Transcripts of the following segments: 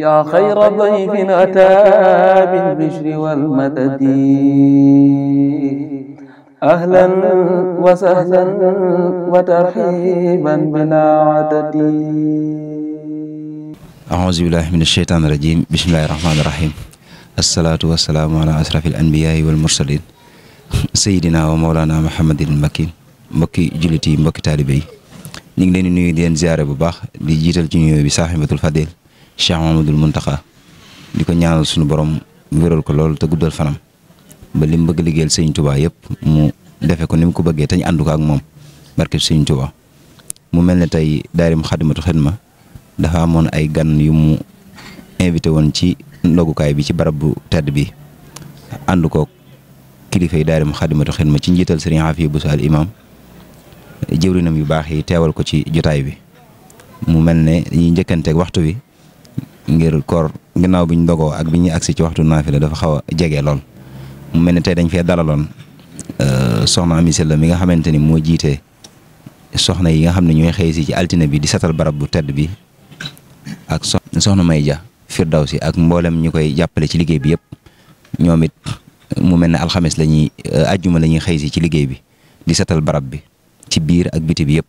yaa xayra dayfin ataa bil bishri wal madadi ahlan wa sahlan wa tarhiiban bilaa adadi. Auzu billaahi mina sheytaani rajiim bismillaahi rahmaani rahiim. Assalaatu wassalaamu alaa ashrafil anbiyaa'i wal mursaliin sayyidinaa wa mawlaanaa Muhammadin makiin mbokki jullit yi mbokki taalibe yi ñu ngi leen di nuyu di leen ziare bu baax di jiital ci nuyoo bi saaxibatul fadil Cheikh Mamadul Muntaxa di ko ñaanal suñu borom wéral ko lool te guddal fanam ba li bëgg liggéeyal sëñ Tuubaa yëpp mu defe ko ni mu ko bëggee te ñu ànd ko ak moom barke sëñ Tuubaa mu mel ne tey daayira Moukhaddamatoul Khidma dafa amoon ay gan yu mu invité woon ci ndogukaay bi ci barab bu tedd bi ànd ko kilifa yi daayira Moukhaddamatoul Khidma ci njiital sëriñ Xaafi bu Saal Imaam jëwrinam yu baax yi teewal ko ci jotaay bi mu mel ne ñi njëkkanteeg waxtu wi ngir kor ginnaaw bi ñu dogoo ak bi ñuy si ci waxtu la dafa xaw a jege lool mu mel ne tey dañ fee dalaloon euh, soxna Amy Sylla mi nga xamante ni moo jiite soxna yi nga xam ne ñooy xëy si ci altine bi di satal barab bu tedd bi ak soxna May Ja Firdawsi ak mboolem ñu koy jàppale ci liggéey bi yëpp ñoom it mu mel ne alxames la ñuy euh, ajjuma xëy si ci liggéey bi di satal barab bi ci biir ak biti bi yëpp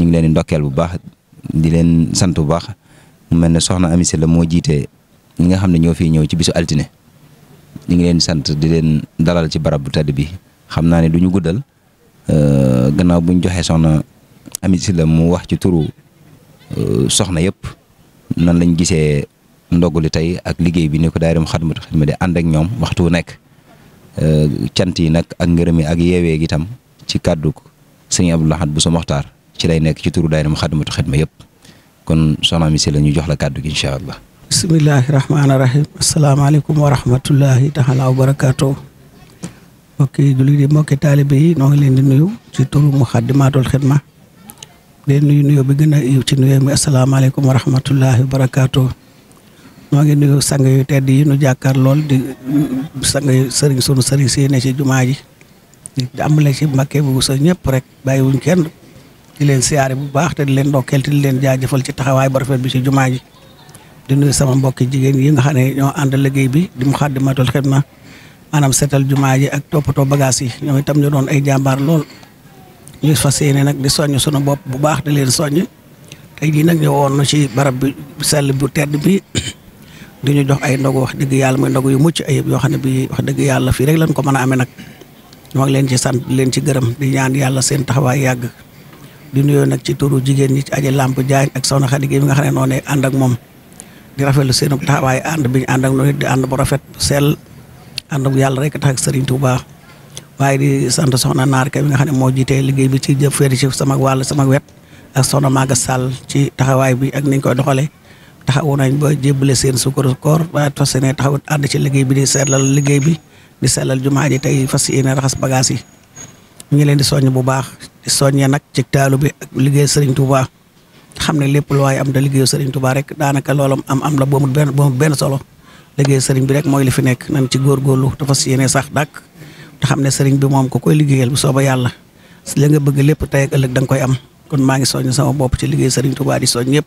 ñu ngi leen di ndokkeel bu baax di leen sant bu baax. mel ne soxna Amy la moo jiite ñi nga xam ne ñoo fiy ñëw ci bisu altine ñu ngi leen sant di leen dalal ci barab bu tedd bi xam naa ne duñu ñu guddal euh, gannaaw bu joxe joxee soxna Amy la mu wax ci turu euh, soxna yëpp nan lañ gisee ndogu li tey ak liggéey bi ni ko daayira Moukhaddamatoul Khidma di ànd ak ñoom waxtu wu nekk euh, cant yi nag ak ngërëm yi ak yeewee gi ci kàddu sëñ Abdou Lahad bu ci lay nekk ci turu daayira Moukhaddamatoul Khidma yëpp. kon soxna mi si la ñu jox la kàddu gi incha allah. bismillahi rahmaani rahim asalaamaaleykum wa rahmatullahi taala wa barakaatu. mbokki jullit yi mbokki taalibe yi ngi leen di nuyu ci turu Muxaddamatul Xidma nuyu nuyu bi gën a yiw ci nuyu mi ngi nuyu sang yu tedd yi nu jàkkaar lool di sang yu sëriñ sunu sëriñ ci jumaa bu sa ñëpp rek bàyyiwuñ kenn. di leen siyaare bu baax te di leen ndokkeel te di leen jaajëfal ci taxawaay bu rafet bi ci jumaa ji di nuyu sama mbokki jigéen yi nga xam ne ñoo ànd liggéey bi di Moukhaddamatoul Khidma anam seetal jumaa ji ak toppatoo bagaas yi ñoom itam ñu doon ay jàmbaar lool ñu fas yéene nag di soñ sunu bopp bu baax di leen soññ tey jii nag ñu woon na ci barab bi sell bu tedd bi di ñu jox ay ndogu wax dëgg yàlla muy ndogu yu mucc ay yoo xam ne bi wax dëgg yàlla fii rek lañ ko mën a amee nag ñoo ngi leen ci sant leen ci gërëm di ñaan yàlla seen taxawaay yàgg di nuyoo nag ci turu jigéen ñi ci aji làmp jaañ ak soxna Xadi gi bi nga xam ne noonu ànd ak moom di rafetlu seen taxawaay ànd bi ñu ànd ak noonu di ànd bu rafet sell ànd bu yàlla rek tax ak Serigne Touba waaye di sant soxna Naar ka bi nga xam ne moo jiitee liggéey bi ci jëfandikoo ci sama wàll sama wet ak soxna Maga Sall ci taxawaay bi ak niñ koy doxalee taxawu nañ ba jébbale seen sukkaru koor waaye fas yéene taxaw ànd ci liggéey bi di seetlal liggéey bi di seetlal jumaa ji tey fas yéene raxas bagage yi ngi leen di soññ bu baax di soññee nag ci taalu bi ak liggéey Serigne Touba xam ne lépp lu waaye am da liggéeyu Serigne Touba rek daanaka loolu am am la boomut benn boomut benn solo liggéey sëriñ bi rek mooy li fi nekk nan ci góorgóorlu dafa si yéene sax dàkk te xam ne sëriñ bi moom ko koy liggéeyal bu sooba yàlla li nga bëgg lépp tey ak ëllëg da koy am kon maa ngi soñ sama bopp ci liggéey Serigne Touba di soññ yëpp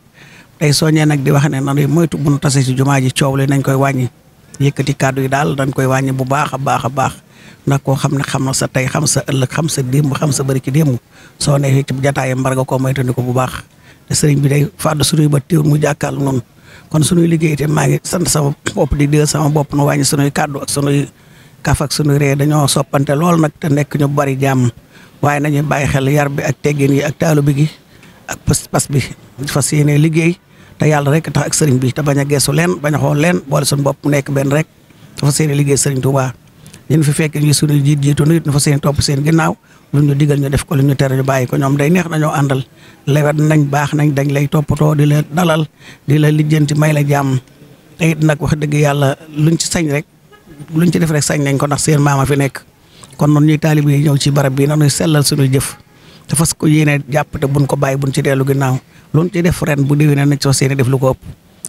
tey soññee nag di wax ne nanuy moytu bu nu tase ci jumaa ji coow li nañ koy wàññi yëkkati kàddu yi daal dañ koy wàññi bu baax a baax a ndax koo xam ne xam na sa tey xam sa ëllëg xam sa démb xam sa bari ci démb soo neexee ci jataayam mbar nga koo moytandiku bu baax te sëriñ bi day fàdd suñuy ba teewul mu jàkkaarloo noonu kon suñuy liggéey te maa ngi sant sama bopp di dégg sama bopp nu wàññi suñuy kàddu ak suñuy kaf ak suñuy ree dañoo soppante lool nag te nekk ñu bari jàmm waaye nañu bàyyi xel yar bi ak teggin yi ak taalu bi gi ak pas-pas bi fas yéene liggéey te yàlla rek tax ak sëriñ bi te bañ a geesu leen bañ a xool leen suñu bopp nekk benn rek dafa seen liggéey sëriñ Tuubaa leen fi fekk ñu suñu jiit jiitoon it ñu fa seen topp seen ginnaaw lu ñu digal ñu def ko lu ñu tere ñu bàyyi ko ñoom day neex nañoo àndal lewet nañ baax nañ dañ lay toppatoo di la dalal di la lijjanti may la jàmm te it nag wax dëgg yàlla luñ ci sañ rek luñ ci def rek sañ nañ ko ndax seen maama fi nekk kon noonu ñuy taalib yi ñëw ci barab bii bi nañuy sellal suñu jëf te fas ko yéene jàpp te buñ ko bàyyi buñ ci dellu ginnaaw luñ ci def ren bu déwénee nañ soo seen def lu ko ëpp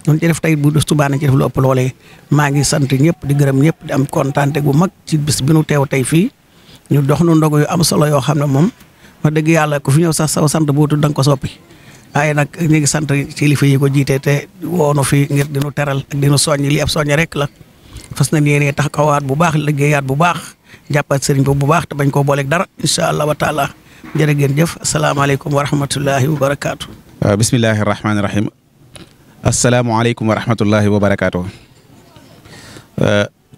ñu ci def tey bu dëstu baa nañ ci def lu ëpp loolee maa ngi sant ñëpp di gërëm ñëpp di am kontaante gu mag ci bis bi nu teew tey fii ñu dox nu ndogu yu am solo yoo xam ne moom wax dëgg yàlla ku fi ñëw sax saw sant buutu da nga ko soppi waaye nag ñu ngi sant kilifa yi ko jiitee te woonu fi ngir dinu teral ak dinu soññ li ab soññ rek la fas na yéene tax kawaat bu baax liggéeyaat bu baax jàppaat sëriñ ko bu baax te bañ koo booleeg dara incha allah wa taala ngeen jëf asalaamaaleykum wa rahmatullahi wa barakaatu bismillahi rahmaani rahim asalaamualeykum wa rahmatullahi wa barakaatu.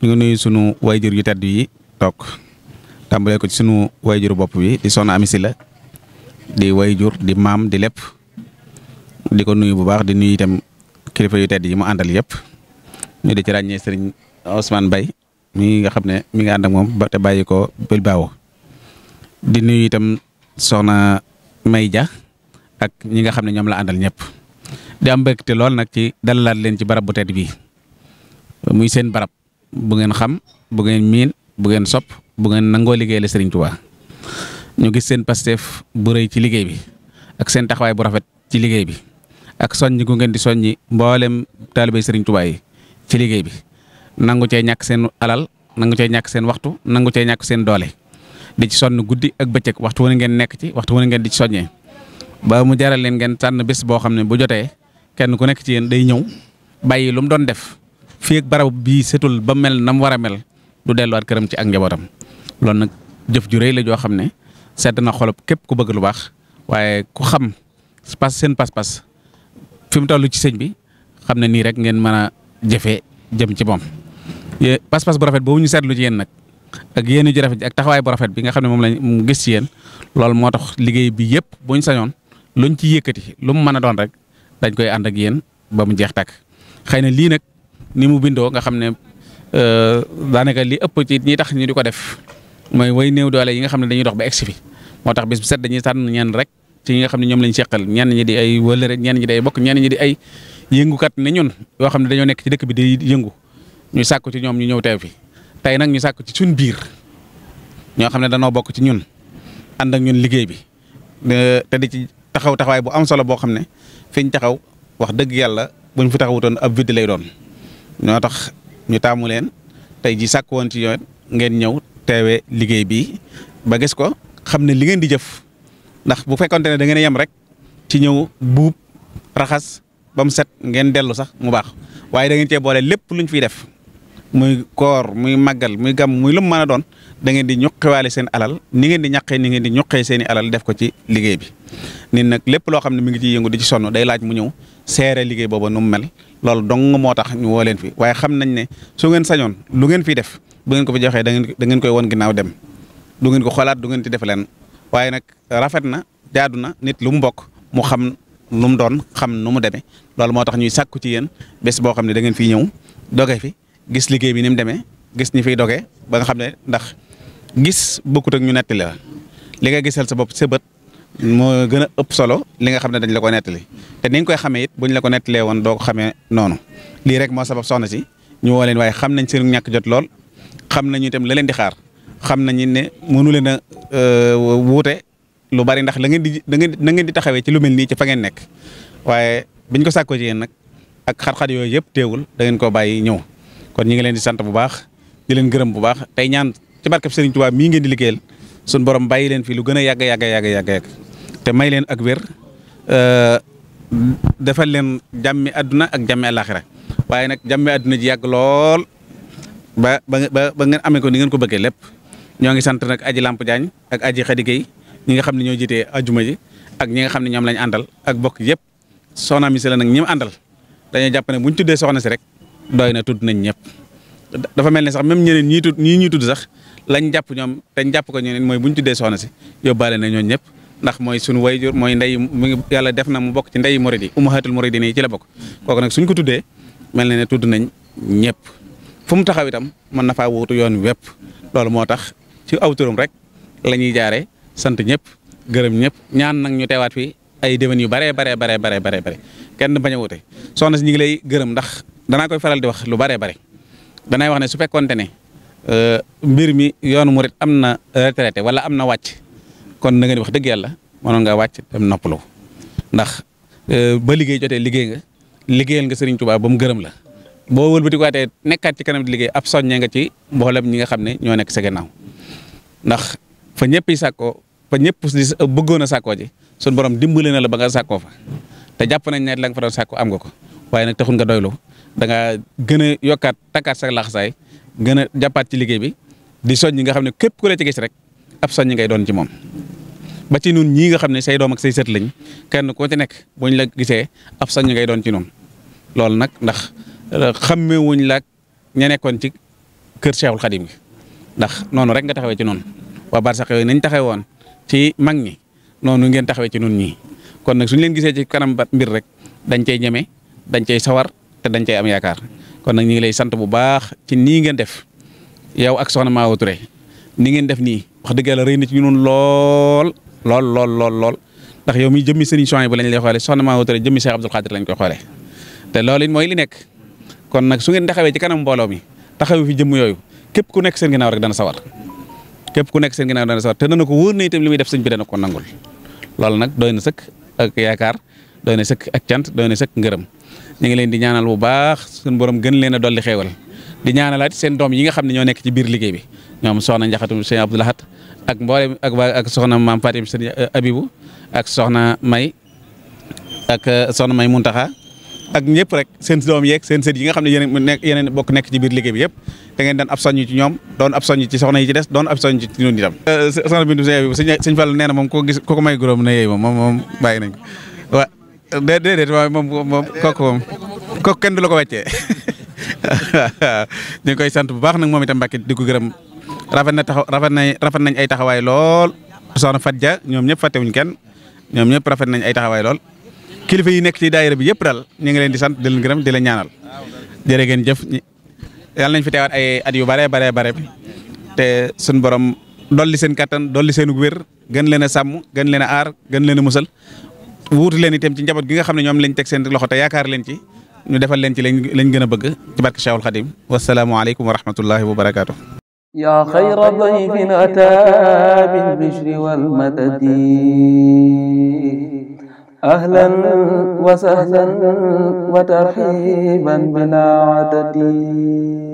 ñu ngi nuyu sunu wayjur yu tedd yi toog tàmbalee ko ci sunu wayjur bopp bi di Soxna Amy Sylla di wayjur di maam di lépp di ko nuyu bu baax di nuyu itam kilifa yu tedd yi mu àndal yëpp ñu di ci ràññee sëriñ Ousmane Mbaye mi nga xam ne mi nga ànd ak moom ba te bàyyi ko Bilbao di nuyu itam soxna May Dia ak ñi nga xam ne ñoom la àndal ñëpp. di am mbégte lool nag ci dalalaat leen ci barab bu tedd bii muy seen barab bu ngeen xam bu ngeen miin bu ngeen sopp bu ngeen nangoo liggéey la Serigne Touba ñu gis seen pasteef bu rëy ci liggéey bi ak seen taxawaay bu rafet ci liggéey bi ak soññ gu ngeen di soññi mboolem taalibe Serigne Touba yi ci liggéey bi nangu cee ñàkk seen alal nangu cee ñàkk seen waxtu nangu cee ñàkk seen doole di ci sonn guddi ak bëccëg waxtu wane ngeen nekk ci waxtu wane ngeen di ci soññee ngeen tànn boo xam ne bu jotee kenn ku nekk ci yéen day ñëw bàyyi lu mu doon def fii ak barab bii setul ba mel na mu war a mel lu delluwaat këram ci ak njabootam lool nag jëf ju rëy la joo xam ne sedd na xolob képp ku bëgg lu baax waaye ku xam pas seen pas-pas fi mu toll ci sëñ bi xam ne nii rek ngeen mën a jëfee jëm ci moom. pas-pas bu rafet boobu ñu seetlu ci nag ak yenn ju rafet ak taxawaay bu rafet bi nga xam ne moom lañ gis ci yéen loolu moo tax liggéey bi yëpp bu ñu sañoon luñ ci yëkkati lu mu mën a doon rek dañ koy ànd ak yéen ba mu jeex takk xëy na lii nag ni mu bindoo nga xam ne euh, daanaka li ëpp ci ñi tax ñu di ko def mooy way néew doole yi nga xam ne dañuy dox ba egsi fi moo tax bis bu set dañuy tànn ñenn rek ci ñi nga xam ne ñoom lañ seqal ñenn ñi di ay wëlëre ñenn ñi di bokk ñenn ñi di ay yëngukat ne ñun yoo xam ne dañoo nekk ci dëkk bi di yëngu ñu sàkku ci ñoom ñu ñëw teew fi tey nag ñu sàkku ci suñ biir ñoo xam ne danoo bokk ci ñun ànd ak ñun liggéey bi te di taxaw taxawaay bu am solo boo xam ne fiñ taxaw wax dëgg yàlla buñ fi taxawutoon ab vidde lay doon ñoo tax ñu taamu leen tey ji sàkk woon ci yoon ngeen ñëw teewee liggéey bi ba gis ko xam ne li ngeen di jëf ndax bu fekkonte ne da ngeen yem rek ci ñëw buub raxas ba mu set ngeen dellu sax mu baax waaye da ngeen cee boole lépp luñ fi def muy koor muy màggal muy gam muy lu mu mën a doon dangeen ngeen di ñuqiwaale seen alal ni ngeen di ñaqee ni ngeen di ñuqee seeni i alal def ko ci liggéey bi. nit nag lépp loo xam ne mu ngi ci yëngu di ci sonn day laaj mu ñëw seere liggéey boobu nu mu mel loolu dong moo tax ñu woo leen fi waaye xam nañ ne su ngeen sañoon lu ngeen fiy def bu ngeen ko fi joxee da ngeen da koy won ginnaaw dem du ngeen ko xoolaat du ngeen ci def leen waaye nag rafet na jaadu na nit lu mu bokk mu xam nu mu doon xam nu mu demee loolu moo tax ñuy sàkku ci yéen bés boo xam ne da ngeen fiy ñëw doge fi gis liggéey bi ni mu demee gis ñi fiy doge ba nga xam ne ndax gis bokkut ak ñu nettali la li nga gisal sa bopp sa bët moo gën a ëpp solo li nga xam ne dañ la ko nettali te ni koy xamee it buñ la ko nettalee woon doo ko xamee noonu lii rek moo sabab soxna si ñu leen waaye xam nañ seen ñàkk jot lool xam nañu itam la leen di xaar xam nañu ne mënu leen a euh, wuute lu bari ndax la ngeen di da ngeen da di taxawee ci lu mel nii ci fa ngeen nekk waaye biñ ko sàkkoo ci yéen nag ak xar yooyu yëpp teewul da koo bàyyi ñëw kon ñu ngi leen di sant bu baax di leen gërëm bu baax tey ñaan ci barkeb Serigne Touba mii ngeen di liggéeyal suñu borom bàyyi leen fii lu gën a yàgg yàgg yàgg te may leen ak wér euh, defal leen jàmmi àdduna ak jàmmi àllaaxira waaye nag jàmmi àdduna ji yàgg lool ba ba ba ngeen amee ko ni ngeen ko bëggee lépp ñoo ngi sant nag aji làmp Diagne ak aji Khady Gueye ñi nga xam ne ñoo jiitee ajuma ji ak ñi nga xam ne ñoom lañ àndal ak bokk yëpp soxna mi si la nag ñi àndal dañoo jàpp ne ñu tuddee soxna si rek doy na tudd nañ ñëpp dafa mel ne sax même ñeneen ñii tudd ñii ñuy tudd sax lañ jàpp ñoom te ñu jàpp ko ñeneen mooy bu ñu tuddee soxna si yóbbaale na ñooñu ñëpp ndax mooy sunu wayjur mooy ndey mu ngi yàlla def na mu bokk ci ndey murid yi ummahatul muridin yi ci la bokk kooku nag suñ ko tuddee mel na ne tudd nañ ñëpp fu mu taxaw itam mën na faa wuutu yoon wépp loolu moo tax ci aw turam rek la ñuy jaare sant ñëpp gërëm ñëpp ñaan nag ñu teewaat fi ay déwén yu bare bare bare bare bare kenn bañ a danaa koy faral di wax lu baree bare danay wax ne su fekkoonte ne euh, mbir mi yoonu murit am na retraité wala am na wàcc kon na ngeen wax dëgg yàlla mënoon nga wàcc dem noppalu ndax euh, ba liggéey jotee liggéey nga liggéeyal nga Serigne Touba ba mu gërëm la boo wëlbatikuwaatee nekkaat ci kanam liggéey ab soññee nga ci mboolem ñi nga xam ne ñoo nekk sa gannaaw ndax fa ñëpp yi sàkkoo fa ñëpp di bëggoon sàkkoo ji suñu borom dimbale na la ba nga sàkkoo fa te jàpp nañ ne la nga fa sàkkoo am nga ko waaye nag taxul nga doylu da nga gën a yokkaat takkaat sa laxasaay gën a jàppaat ci liggéey bi di soññi nga xam ne képp ku la ci gis rek ab soññi ngay doon ci moom. ba ci nun ñii nga xam ne say doom ak say sët lañ kenn koo ci nekk ñu la gisee ab soññi ngay doon ci noonu loolu nag ndax euh, xamme wuñ la ña nekkoon ci kër Cheikhul Khadim gi ndax noonu rek nga taxawee ci noonu waa barsax yooyu nañ woon ci mag ñi noonu ngeen taxawee ci nun ñii kon nag suñ leen gisee ci kanam bat mbir rek dañ cey ñeme dañ cey sawar te dañ cay am yaakaar kon nag ñu ngi lay sant bu baax ci nii ngeen def yow ak soxna Mawa Touré ni ngeen def nii wax dëgg yàlla rëy na ci ñun lool lool lool lool lool ndax yow mi jëmmi sëriñ Souhaïbou lay xoole soxna Mawa Touré jëmmi Cheikh Abdoul Khadir lañ koy xoole te loolu li nekk kon nag su ngeen taxawee ci kanam mbooloo mi taxawee fi jëmm yooyu képp ku nekk seen ginaaw rek dana sawar képp ku nekk seen ginaaw dana sawar te dana ko wóor na itam li muy def sëñ bi dana ko nangul loolu nag doy na sëkk ak yaakaar doy na sëkk ak cant doy na sëkk ngërëm ñu ngi leen di ñaanal bu baax suñu borom gën leen a dolli xéewal di ñaanalaat seen doom yi nga xam ne ñoo nekk ci biir liggéey bi ñoom soxna Njaxatum ak mboolem ak waa ak soxna maam euh, ak soxna May euh, May Muntaxa ak ñëpp rek seen doom yeeg seen sët yi nga xam ne yeneen bokk nekk ci biir liggéey bi yëpp da ngeen daan ab soññ ci ñoom doon ab soññ ci soxna yi ci des doon ab soññ ci ñun itam euh, soxna Bintu sëñ Abibu sëñ Fallu nee na moom ko gis ko ko may góoram na yeey moom moom moom bàyyi nañ ko déedéet waaye moom moom kooku moom kooku kenn du la ko weccee ñu koy sant bu baax nag moom itam Mbàkke di ko gërëm rafet na taxaw rafet nañ rafet nañ ay taxawaay lool soxna Fadja ñoom ñëpp fàttewuñ kenn ñoom ñëpp rafet nañ ay taxawaay lool kilifa yi nekk ci daayira bi yëpp daal ñu ngi leen di sant di leen gërëm di leen ñaanal jërë ngeen jëf yàlla nañ fi teewaat ay at yu bare bare bare bi te suñ borom dolli seen kattan dolli seen wér gën leen a sàmm gën leen a aar gën leen a musal wuutu leen itam ci njaboot gi nga xam ne ñoom lañ teg seen loxo te yaakaar leen ci ñu defal leen ci lañ gën a bëgg ci barke Cheikhul Khadim wasalaamu aleykum wa rahmatullahi wa barakaatu. yaa xayra dayfin ataa bil bishri wal madadi ahlan wa sahlan wa